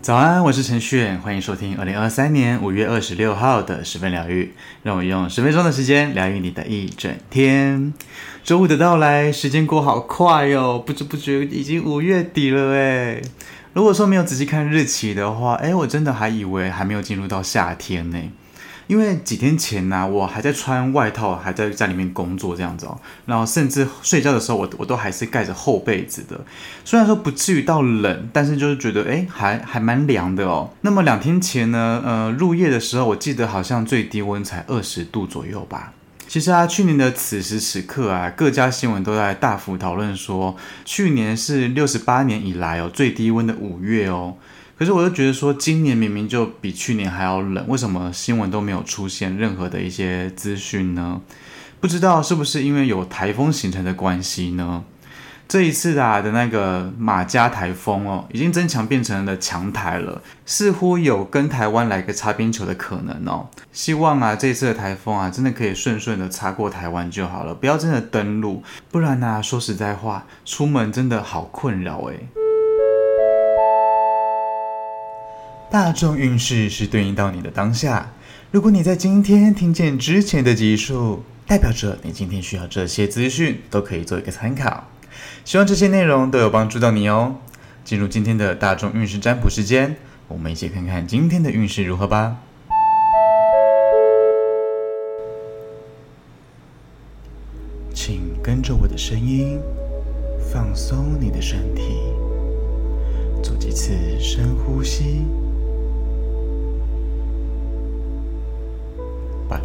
早安，我是陳旭，歡迎收聽二零二三年五月二十六號的十分療癒。讓我用十分鐘的時間療癒你的一整天。周五的到來，時間過好快哦，不知不覺已經五月底了哎。如果說沒有仔細看日期的話，哎，我真的還以為還沒有進入到夏天呢。因為幾天前呢、啊，我還在穿外套，還在家裡面工作這樣子哦，然後甚至睡覺的時候我，我我都還是蓋着厚被子的。雖然說不至於到冷，但是就是覺得哎，還還蠻涼的哦。那麼兩天前呢，呃，入夜的時候，我記得好像最低溫才二十度左右吧。其實啊，去年的此時此刻啊，各家新聞都在大幅討論說，去年是六十八年以來哦，最低溫的五月哦。可是我又覺得說，今年明明就比去年還要冷，為什麼新聞都沒有出現任何的一些資訊呢？不知道是不是因為有台風形成的關係呢？這一次的啊的那個馬家台風哦，已經增強變成了強台了，似乎有跟台灣來個擦邊球的可能哦。希望啊這次的台風啊，真的可以順順的擦過台灣就好了，不要真的登陸，不然呢、啊、說實在話，出門真的好困擾哎、欸。大眾運勢是對應到你的當下。如果你在今天聽見之前的集數，代表着你今天需要這些資訊，都可以做一個參考。希望這些內容都有幫助到你哦。進入今天的大眾運勢占卜時間，我們一起看看今天的運勢如何吧。請跟着我的聲音，放鬆你的身體，做幾次深呼吸。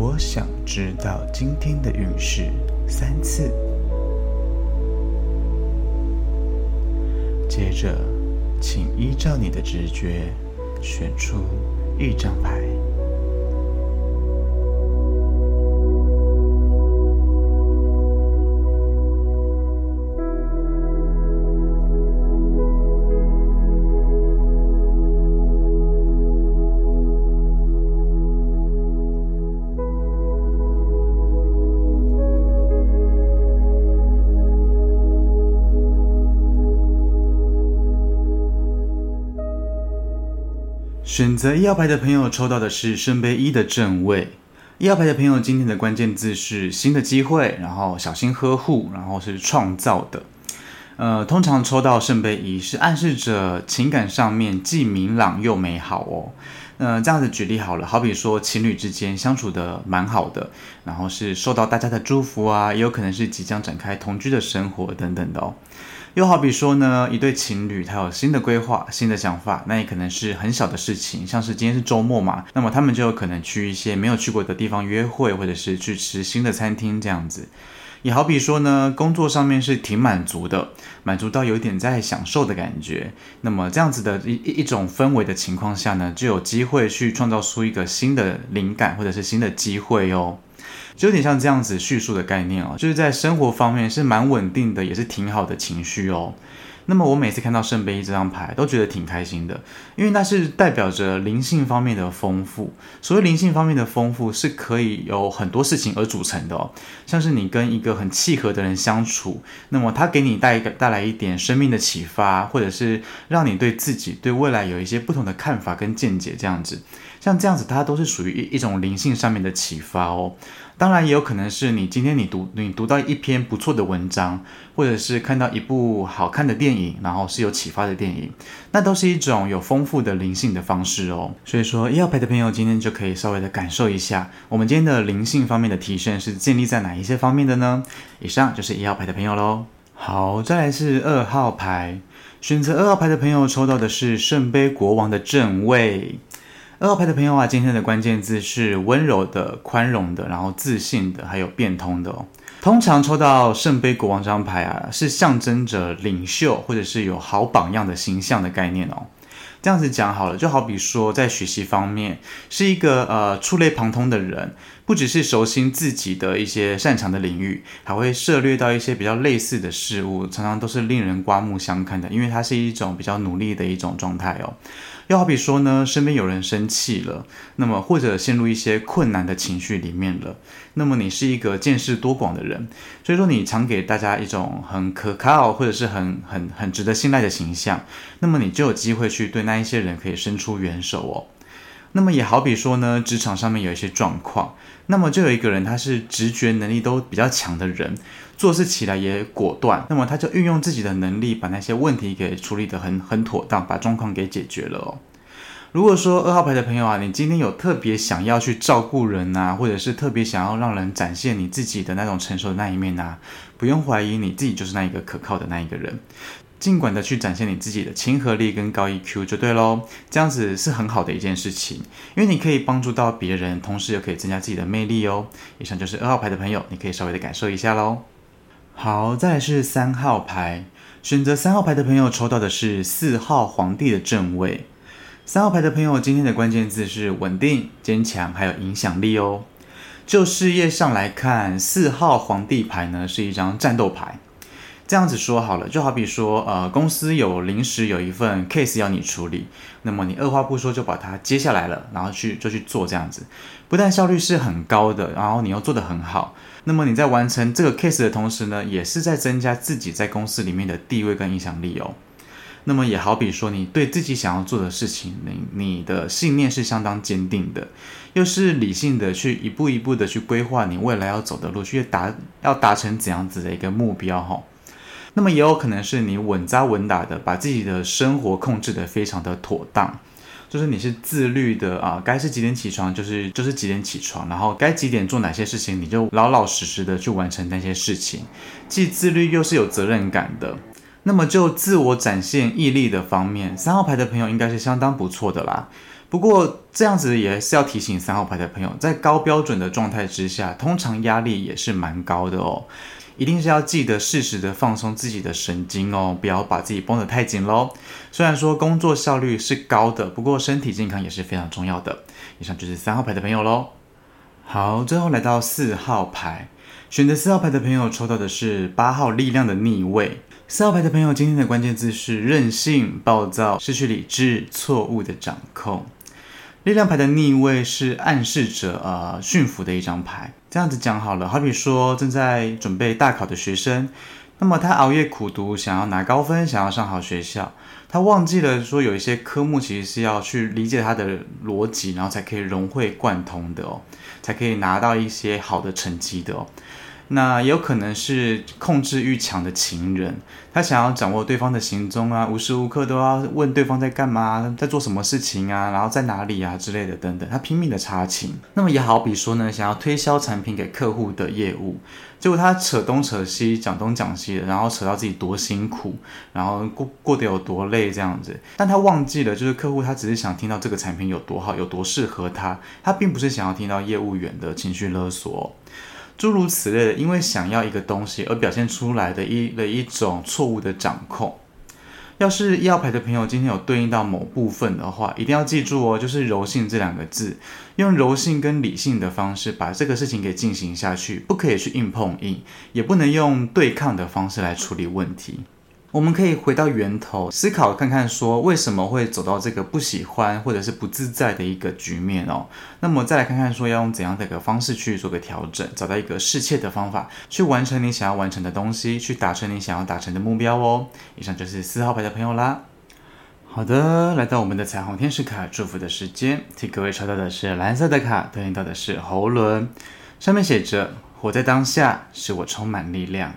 我想知道今天的運勢三次。接着，請依照你的直覺選出一張牌。選擇一號牌的朋友抽到的是聖杯一的正位。一號牌的朋友，今天的關鍵字是新的機會，然後小心呵護，然後是創造的。呃，通常抽到聖杯一，是暗示着情感上面既明朗又美好哦。嗯、呃，這樣子舉例好了，好比說情侶之間相處的蠻好的，然後是受到大家的祝福啊，也有可能是即將展開同居的生活等等的。哦。又好比說呢，一對情侶他有新的規劃、新的想法，那也可能是很小的事情，像是今天是周末嘛，那麼他們就有可能去一些沒有去過的地方約會，或者是去吃新的餐廳這樣子。也好比說呢，工作上面是挺滿足的，滿足到有點在享受的感覺，那麼這樣子的一一種氛圍的情況下呢，就有機會去創造出一個新的靈感或者是新的機會喲。就有點像這樣子敘述的概念哦，就是在生活方面是蠻穩定的，也是挺好的情緒哦。那麼我每次看到聖杯一這張牌都覺得挺開心的，因為那是代表着靈性方面的豐富。所謂靈性方面的豐富，是可以由很多事情而組成的哦，像是你跟一個很契合的人相處，那麼他給你帶帶來一點生命的啟發，或者是讓你對自己對未來有一些不同的看法跟見解這樣子。像這樣子，它都是屬於一，一種靈性上面的啟發哦。當然，也有可能是你今天你讀你讀到一篇不錯的文章，或者是看到一部好看的電影。然後是有啟發的電影，那都是一種有豐富的靈性的方式哦。所以說一號牌的朋友今天就可以稍微的感受一下，我們今天的靈性方面的提升是建立在哪一些方面的呢？以上就是一號牌的朋友嘍。好，再來是二號牌，選擇二號牌的朋友抽到的是聖杯國王的正位。二號牌的朋友啊，今天的關鍵字是溫柔的、寬容的，然後自信的，還有變通的哦。通常抽到聖杯國王這張牌啊，是象徵着領袖或者是有好榜樣的形象的概念哦。這樣子講好了，就好比說在學習方面是一個呃觸類旁通的人，不只是熟悉自己的一些擅長的領域，還會涉獵到一些比較類似的事物，常常都是令人刮目相看的，因為它是一種比較努力的一種狀態哦。又好比說呢，身邊有人生氣了，那麼或者陷入一些困難的情緒裡面了，那麼你是一個見識多廣的人，所以說你常給大家一種很可靠或者是很、很、很值得信賴的形象，那麼你就有機會去對那一些人可以伸出援手哦。那麼也好比說呢，職場上面有一些狀況，那麼就有一個人他是直覺能力都比較強的人，做事起來也果斷，那麼他就運用自己的能力把那些問題給處理得很很妥當，把狀況給解決了哦。如果說二號牌的朋友啊，你今天有特別想要去照顧人啊，或者是特別想要讓人展現你自己的那種成熟的那一面啊，不用懷疑你自己就是那一個可靠的那一個人。儘管的去展現你自己的親和力跟高 EQ 就對嘍，這樣子是很好的一件事情，因為你可以幫助到別人，同時又可以增加自己的魅力哦。以上就是二號牌的朋友，你可以稍微的感受一下嘍。好，再來是三號牌，選擇三號牌的朋友抽到的是四號皇帝的正位。三號牌的朋友今天的關鍵字是穩定、堅強還有影響力哦。就事業上來看，四號皇帝牌呢是一張戰鬥牌。這樣子說好了，就好比說，呃，公司有臨時有一份 case 要你處理，那麼你二話不說就把它接下來了，然後去就去做這樣子，不但效率是很高的，然後你又做得很好，那麼你在完成這個 case 的同時呢，也是在增加自己在公司裡面的地位跟影響力哦。那麼也好比說，你對自己想要做的事情，你你的信念是相當堅定的，又是理性的去一步一步的去規劃你未來要走的路，去達要達成怎樣子的一個目標哈、哦。那麼也有可能是你穩扎穩打的，把自己的生活控制得非常的妥當，就是你是自律的啊，該是幾點起床就是就是幾點起床，然後該幾點做哪些事情你就老老實實的去完成那些事情，既自律又是有責任感的。那麼就自我展現毅力的方面，三號牌的朋友應該是相當不錯的啦。不過這樣子也是要提醒三號牌的朋友，在高標準的狀態之下，通常壓力也是蠻高的哦。一定是要記得適時的放鬆自己的神經哦，不要把自己繃得太緊嘍。雖然說工作效率是高的，不過身體健康也是非常重要的。以上就是三號牌的朋友嘍。好，最後來到四號牌，選擇四號牌的朋友抽到的是八號力量的逆位。四號牌的朋友，今天的關鍵字是任性、暴躁、失去理智、錯誤的掌控。力量牌的逆位是暗示着呃馴服的一張牌。這樣子講好了，好比說正在準備大考的學生，那麼他熬夜苦讀，想要拿高分，想要上好學校，他忘記了說有一些科目其實是要去理解它的邏輯，然後才可以融會貫通的哦，才可以拿到一些好的成績的哦。那也有可能是控制欲強的情人，他想要掌握對方的行蹤啊，無時無刻都要問對方在幹嘛，在做什麼事情啊，然後在哪裡啊之類的，等等，他拼命的查勤。那麼也好比說呢，想要推銷產品給客戶的業務，結果他扯東扯西，講東講西的，然後扯到自己多辛苦，然後過過得有多累這樣子，但他忘記了，就是客戶他只是想聽到這個產品有多好，有多適合他，他並不是想要聽到業務員的情緒勒索哦。諸如此類的，因為想要一個東西而表現出來的一的一種錯誤的掌控。要是要牌的朋友今天有對應到某部分的話，一定要記住哦，就是柔性這兩個字，用柔性跟理性的方式把這個事情給進行下去，不可以去硬碰硬，也不能用對抗的方式來處理問題。我們可以回到源頭思考，看看說，為什麼會走到這個不喜歡或者是不自在的一個局面哦。那麼再來看看說要用怎樣的一個方式去做個調整，找到一個適切的方法，去完成你想要完成的東西，去達成你想要達成的目標哦。以上就是四號牌的朋友啦。好的，來到我們的彩虹天使卡祝福的時間，替各位抽到的是藍色的卡，對應到的是喉輪，上面寫着：活在當下，使我充滿力量。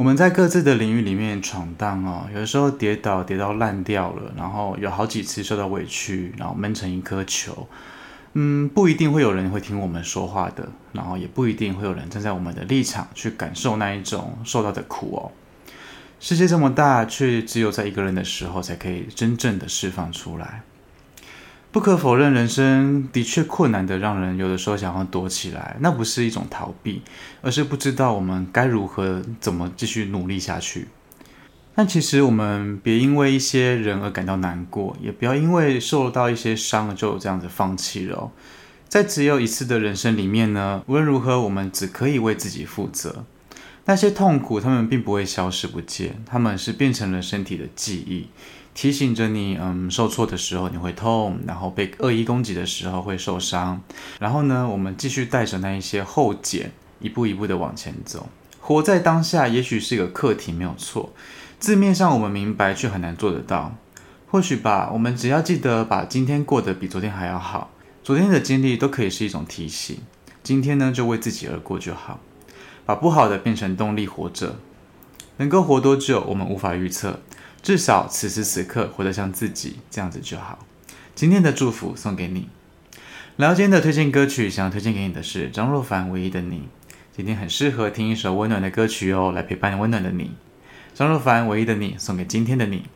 我們在各自的領域裡面闖蕩哦，有的時候跌倒跌到爛掉了，然後有好幾次受到委屈，然後悶成一顆球，嗯，不一定會有人會聽我們說話的，然後也不一定會有人站在我們的立場去感受那一種受到的苦哦。世界這麼大，卻只有在一個人的時候才可以真正的釋放出來。不可否認，人生的確困難得，讓人有的時候想要躲起來。那不是一種逃避，而是不知道我們該如何怎麼繼續努力下去。但其實，我們別因為一些人而感到難過，也不要因為受到一些傷了就這樣子放棄了哦。在只有一次的人生裡面呢，無論如何，我們只可以為自己負責。那些痛苦，他們並不會消失不見，他們是變成了身體的記憶。提醒着你，嗯，受挫的時候你會痛，然後被惡意攻擊的時候會受傷。然後呢，我們繼續帶着那一些後勁一步一步的往前走。活在當下，也許是一個課題，沒有錯。字面上我們明白，卻很難做得到。或許吧，我們只要記得，把今天過得比昨天還要好。昨天的經歷都可以是一種提醒。今天呢，就為自己而過就好。把不好的變成動力，活着。能夠活多久，我們無法預測。至少此時此刻，活得像自己這樣子就好。今天的祝福送給你，然後今天的推薦歌曲，想要推薦給你的是張若凡《唯一的你》，今天很適合聽一首溫暖的歌曲哦，來陪伴溫暖的你。張若凡《唯一的你》送給今天的你。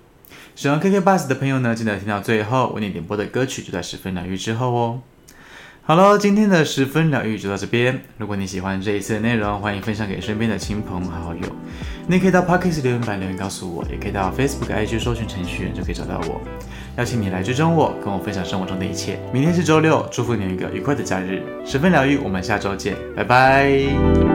喜歡 KK Bus 的朋友呢，記得聽到最後，為你點播的歌曲就在十分療癒之後哦。好了，今天的十分療癒就到這邊。如果你喜歡這一次的內容，歡迎分享給身邊的親朋好友。你也可以到 Podcast 留言板留言告訴我，也可以到 Facebook IG 搜尋程序員就可以找到我。邀請你來追蹤我，跟我分享生活中的一切。明天是週六，祝福你們一個愉快的假日。十分療癒，我們下週見，拜拜。